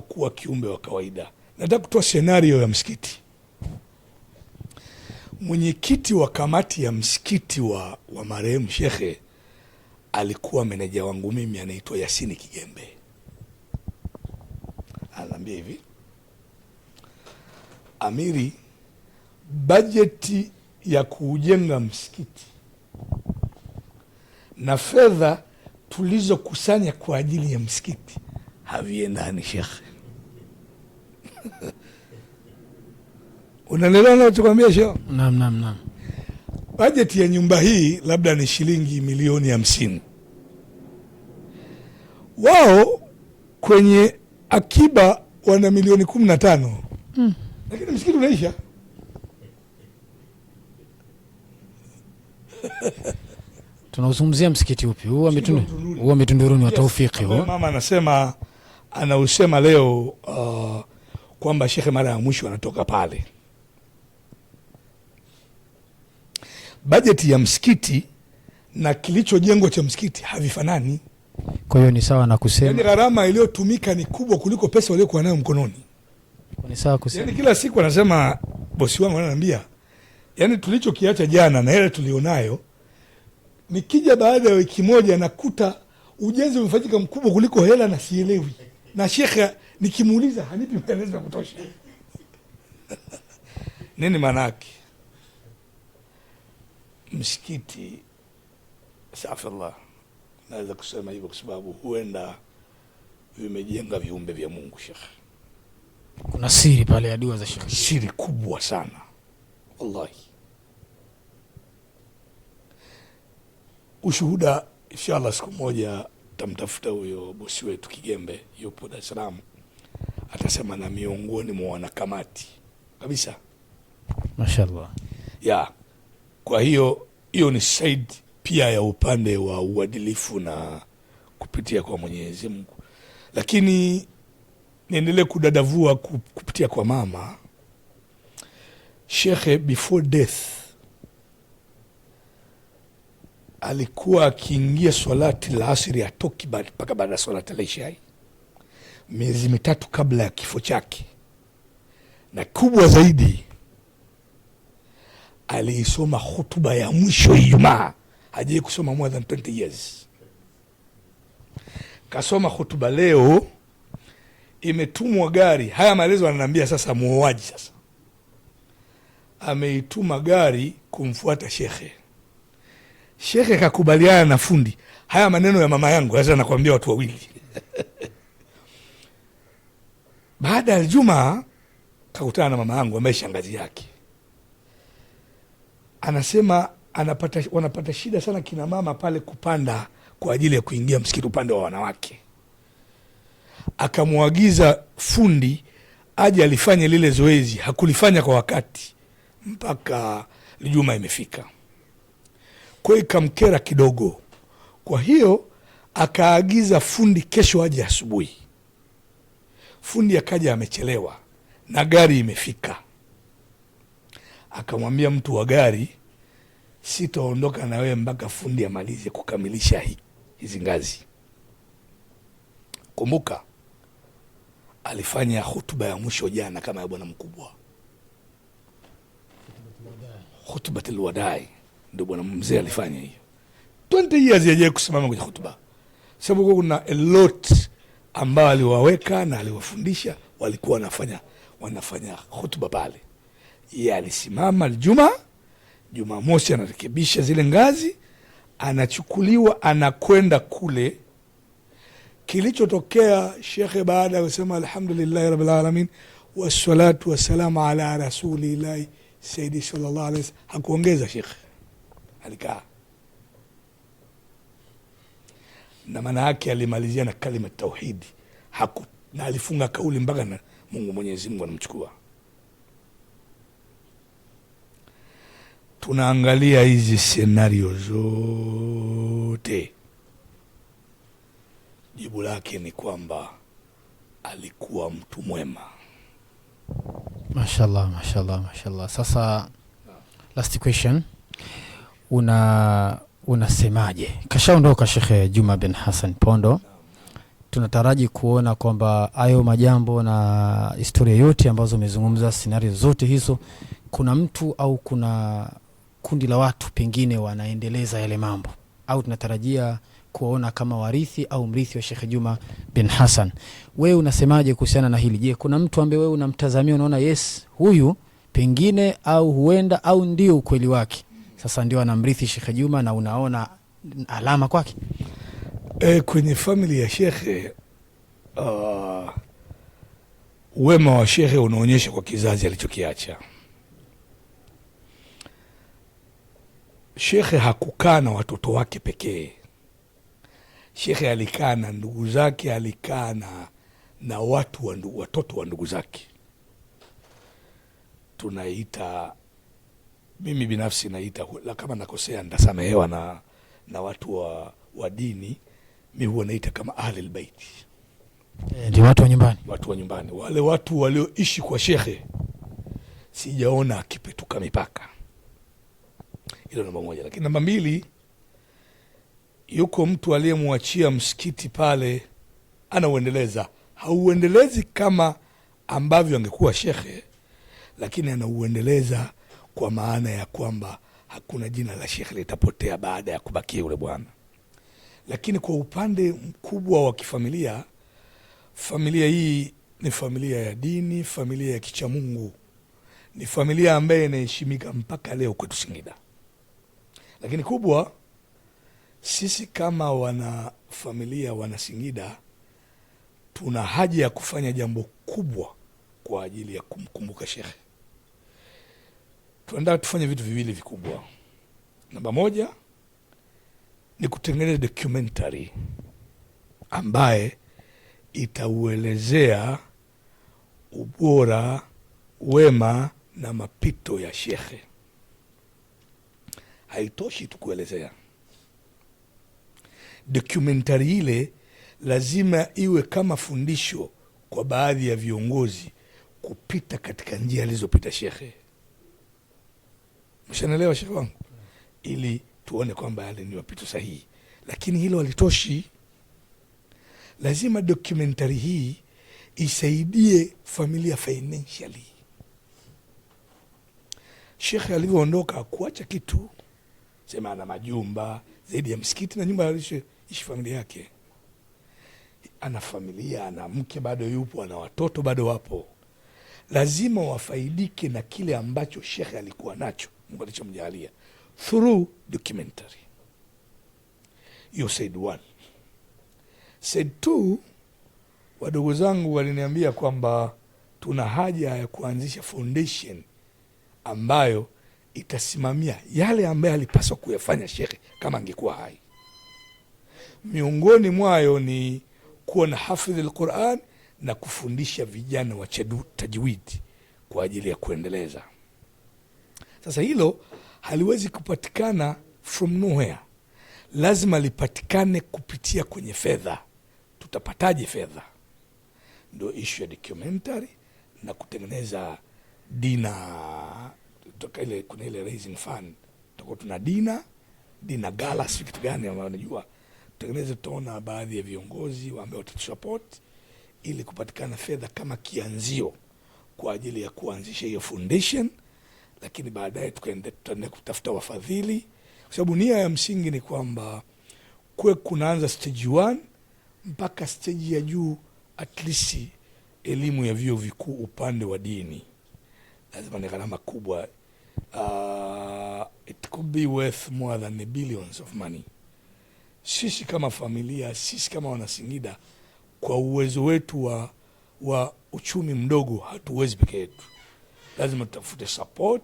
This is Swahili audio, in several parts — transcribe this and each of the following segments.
hakuwa kiumbe wa kawaida. Nataka kutoa senario ya msikiti. Mwenyekiti wa kamati ya msikiti wa, wa marehemu shekhe alikuwa meneja wangu mimi, anaitwa Yasini Kigembe. Anaambia hivi, Amiri, bajeti ya kuujenga msikiti na fedha tulizokusanya kwa ajili ya msikiti haviendani shekhe. Unaelewa nachokwambia shekhe? Naam, naam, naam. Bajeti ya nyumba hii labda ni shilingi milioni hamsini. Wao kwenye akiba wana milioni kumi na tano mm. Lakini msikiti unaisha tunauzungumzia msikiti upi? Huo mitunduruni wa Taufiki, mama anasema anausema leo uh, kwamba shekhe mara ya mwisho anatoka pale. Bajeti ya msikiti na kilichojengwa cha msikiti havifanani. Kwa hiyo ni sawa na kusema, yani gharama iliyotumika ni kubwa kuliko pesa waliokuwa nayo mkononi. Ni sawa kusema, yani kila siku anasema bosi wangu ananiambia, yani tulichokiacha jana na ile tulionayo, nikija baada ya wiki moja nakuta ujenzi umefanyika mkubwa kuliko hela na sielewi na shekhe nikimuuliza hanipi maelezo ya kutosha nini maanake msikiti safallah, naweza kusema hivyo kwa sababu huenda vimejenga viumbe vya Mungu. Shekhe, kuna siri pale ya dua za shekhe, siri kubwa sana wallahi. Ushuhuda inshallah siku moja tamtafuta huyo bosi wetu Kigembe, yupo Dar es Salaam, atasema na miongoni mwa wanakamati kabisa. Mashaallah ya kwa hiyo hiyo ni side pia ya upande wa uadilifu na kupitia kwa Mwenyezi Mungu, lakini niendelee kudadavua kupitia kwa mama shekhe before death alikuwa akiingia swalati la asiri atoki mpaka baada ya swalati la ishai, miezi mitatu kabla ya kifo chake. Na kubwa zaidi, aliisoma hutuba ya mwisho Ijumaa. Hajai kusoma more than 20 years. Kasoma hutuba leo, imetumwa gari. Haya maelezo ananiambia sasa, muoaji sasa ameituma gari kumfuata shekhe Shekhe kakubaliana na fundi, haya maneno ya mama yangu aza nakwambia watu wawili. Baada ya Ijumaa kakutana na mama yangu ambaye shangazi yake, anasema anapata, wanapata shida sana kina mama pale kupanda kwa ajili ya kuingia msikiti upande wa wanawake. Akamwagiza fundi aje alifanye lile zoezi, hakulifanya kwa wakati mpaka lijuma imefika. Kwa hiyo ikamkera kidogo, kwa hiyo akaagiza fundi kesho aje asubuhi. Fundi akaja amechelewa na gari imefika, akamwambia mtu wa gari, sitaondoka na wewe mpaka fundi amalize kukamilisha hii hizi ngazi. Kumbuka alifanya hutuba ya mwisho jana kama ya bwana mkubwa, hutubatul wadai ndio bwana mzee alifanya hiyo 20 years yeye kusimama kwenye hotuba, sababu kuna a lot ambao aliwaweka na aliwafundisha, walikuwa wanafanya wanafanya hotuba pale. Yeye alisimama Juma Jumamosi anarekebisha zile ngazi, anachukuliwa anakwenda kule. Kilichotokea shekhe, baada ya kusema alhamdulillahi rabbil alamin wassalatu wassalamu ala rasulillahi sayyidi sallallahu alaihi wasallam, hakuongeza shekhe na maana yake alimalizia na kalima tauhidi haku, na alifunga kauli mpaka na Mungu Mwenyezi Mungu anamchukua. Tunaangalia hizi senario zote, jibu lake ni kwamba alikuwa mtu mwema. Mashallah, mashallah, mashallah. Sasa last question una unasemaje? Kashaondoka Shekhe Juma bin Hassan Pondo, tunataraji kuona kwamba hayo majambo na historia yote ambazo umezungumza, scenario zote hizo, kuna mtu au kuna kundi la watu pengine wanaendeleza yale mambo, au tunatarajia kuwaona kama warithi au mrithi wa Shekhe Juma bin Hassan. Wewe unasemaje kuhusiana na hili? Je, kuna mtu ambaye wewe unamtazamia unaona yes, huyu pengine au huenda au ndio ukweli wake sasa ndio anamrithi shekhe Juma na unaona alama kwake e, kwenye famili ya shekhe. Uh, ah, wema wa shekhe unaonyesha kwa kizazi alichokiacha shekhe. Hakukaa na watoto wake pekee, shekhe alikaa na ndugu zake, alikaa na na watu wa ndugu, watoto wa ndugu zake tunaita mimi binafsi naita, kama nakosea ndasamehewa na, na watu wa, wa dini, mi huwa naita kama ahlul bait eh, ndio e, watu wa nyumbani, watu wa nyumbani, wale watu walioishi kwa shekhe, sijaona akipetuka mipaka. Hilo namba moja, lakini namba mbili, yuko mtu aliyemwachia msikiti pale anauendeleza. Hauendelezi kama ambavyo angekuwa shekhe, lakini anauendeleza kwa maana ya kwamba hakuna jina la shekhe litapotea baada ya kubakia yule bwana. Lakini kwa upande mkubwa wa kifamilia, familia hii ni familia ya dini, familia ya kichamungu, ni familia ambaye inaheshimika mpaka leo kwetu Singida. Lakini kubwa, sisi kama wana familia wana Singida tuna haja ya kufanya jambo kubwa kwa ajili ya kumkumbuka shekhe tunataka tufanye vitu viwili vikubwa. Namba moja ni kutengeneza documentary ambaye itauelezea ubora, wema na mapito ya shekhe. Haitoshi tu kuelezea, dokumentari ile lazima iwe kama fundisho kwa baadhi ya viongozi kupita katika njia alizopita shekhe mshanelewa shehe wangu, ili tuone kwamba yale ni mapito sahihi, lakini hilo halitoshi. Lazima dokumentari hii isaidie familia financially. Shekhe alivyoondoka kuacha kitu, sema ana majumba zaidi ya msikiti na nyumba ishi familia yake, ana familia, ana mke bado yupo, ana watoto bado wapo, lazima wafaidike na kile ambacho shekhe alikuwa nacho. Mungu alichomjalia through documentary. You said one. Said two, wadogo zangu waliniambia kwamba tuna haja ya kuanzisha foundation ambayo itasimamia yale ambayo alipaswa kuyafanya shekhe kama angekuwa hai. Miongoni mwayo ni kuwa na hafidhi Alquran na kufundisha vijana wa tajwidi kwa ajili ya kuendeleza sasa hilo haliwezi kupatikana from nowhere, lazima lipatikane kupitia kwenye fedha. Tutapataje fedha? Ndio ishu ya documentary na kutengeneza dina kutoka ile, kuna ile raising fund, tutakuwa tuna dina dina gala, si kitu gani ambayo najua tutengeneze, tutaona baadhi ya viongozi ambao watatusupport ili kupatikana fedha kama kianzio kwa ajili ya kuanzisha hiyo foundation lakini baadaye tutaende kutafuta wafadhili, kwa sababu nia ya msingi ni kwamba kuwe kunaanza stage one mpaka stage ya juu, at least elimu ya vyuo vikuu upande wa dini lazima ni gharama kubwa. Uh, it could be worth more than billions of money. Sisi kama familia, sisi kama Wanasingida, kwa uwezo wetu wa, wa uchumi mdogo hatuwezi peke yetu lazima tutafute support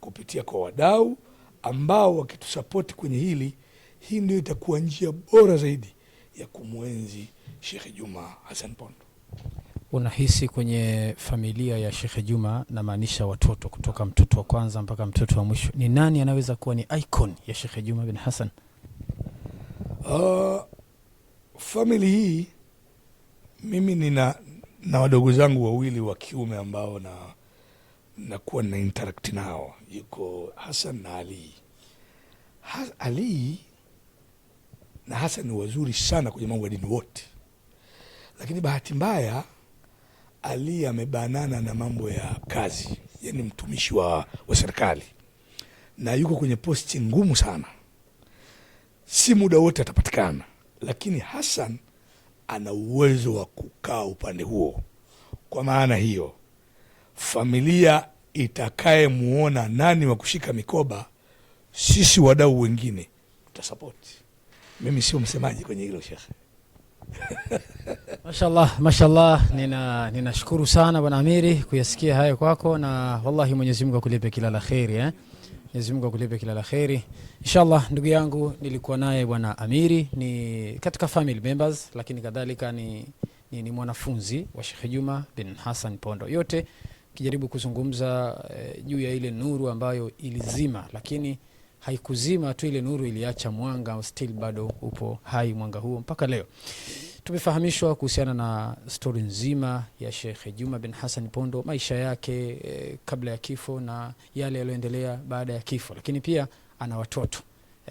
kupitia kwa wadau ambao wakitusapoti kwenye hili, hii ndio itakuwa njia bora zaidi ya kumwenzi shekhe Juma Hassan Pondo. Unahisi kwenye familia ya shekhe Juma, namaanisha watoto, kutoka mtoto wa kwanza mpaka mtoto wa mwisho, ni nani anaweza kuwa ni icon ya shekhe Juma bin Hassan? Uh, ah, famili hii mimi nina na wadogo zangu wawili wa kiume ambao na nakuwa na interact nao, yuko Hasan na Ali. Ha, Ali na Hasan ni wazuri sana kwenye mambo ya dini wote, lakini bahati mbaya Ali amebanana na mambo ya kazi, yani mtumishi wa, wa serikali na yuko kwenye posti ngumu sana, si muda wote atapatikana, lakini Hasan ana uwezo wa kukaa upande huo. Kwa maana hiyo familia itakayemuona nani wa kushika mikoba, sisi wadau wengine tutasapoti. Mimi sio msemaji kwenye hilo shekhe. Mashallah, mashallah, nina ninashukuru sana bwana Amiri kuyasikia hayo kwako, na wallahi Mwenyezi Mungu akulipe kila la kheri eh? Mwenyezi Mungu akulipe kila la kheri inshallah. Ndugu yangu, nilikuwa naye bwana Amiri ni katika family members, lakini kadhalika ni, ni, ni mwanafunzi wa Sheikh Juma bin Hassan Pondo yote kijaribu kuzungumza e, juu ya ile nuru ambayo ilizima, lakini haikuzima tu, ile nuru iliacha mwanga, still bado upo hai mwanga huo mpaka leo. Tumefahamishwa kuhusiana na stori nzima ya Shekhe Juma bin Hassan Pondo, maisha yake e, kabla ya kifo na yale yaliyoendelea baada ya kifo, lakini pia ana watoto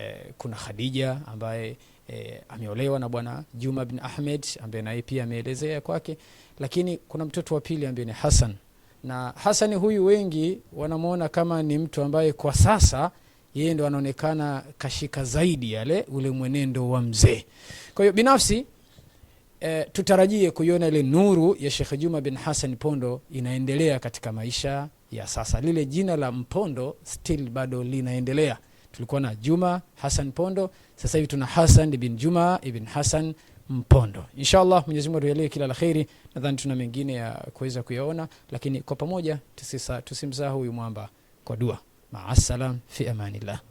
e, kuna Khadija ambaye E, ameolewa na bwana Juma bin Ahmed ambaye naye pia ameelezea kwake, lakini kuna mtoto wa pili ambaye ni Hassan na Hasani huyu wengi wanamwona kama ni mtu ambaye kwa sasa yeye ndo anaonekana kashika zaidi yale ule mwenendo wa mzee. Kwa hiyo binafsi e, tutarajie kuiona ile nuru ya Sheikh Juma bin Hassan pondo inaendelea katika maisha ya sasa. Lile jina la Mpondo still bado linaendelea. Tulikuwa na Juma Hassan pondo sasa hivi tuna Hassan bin Juma ibn Hassan Mpondo. Inshallah Mwenyezi Mungu atujalie kila la kheri. Nadhani tuna mengine ya kuweza kuyaona, lakini kwa pamoja tusimzaa huyu mwamba kwa dua. Maasalam fi amanillah.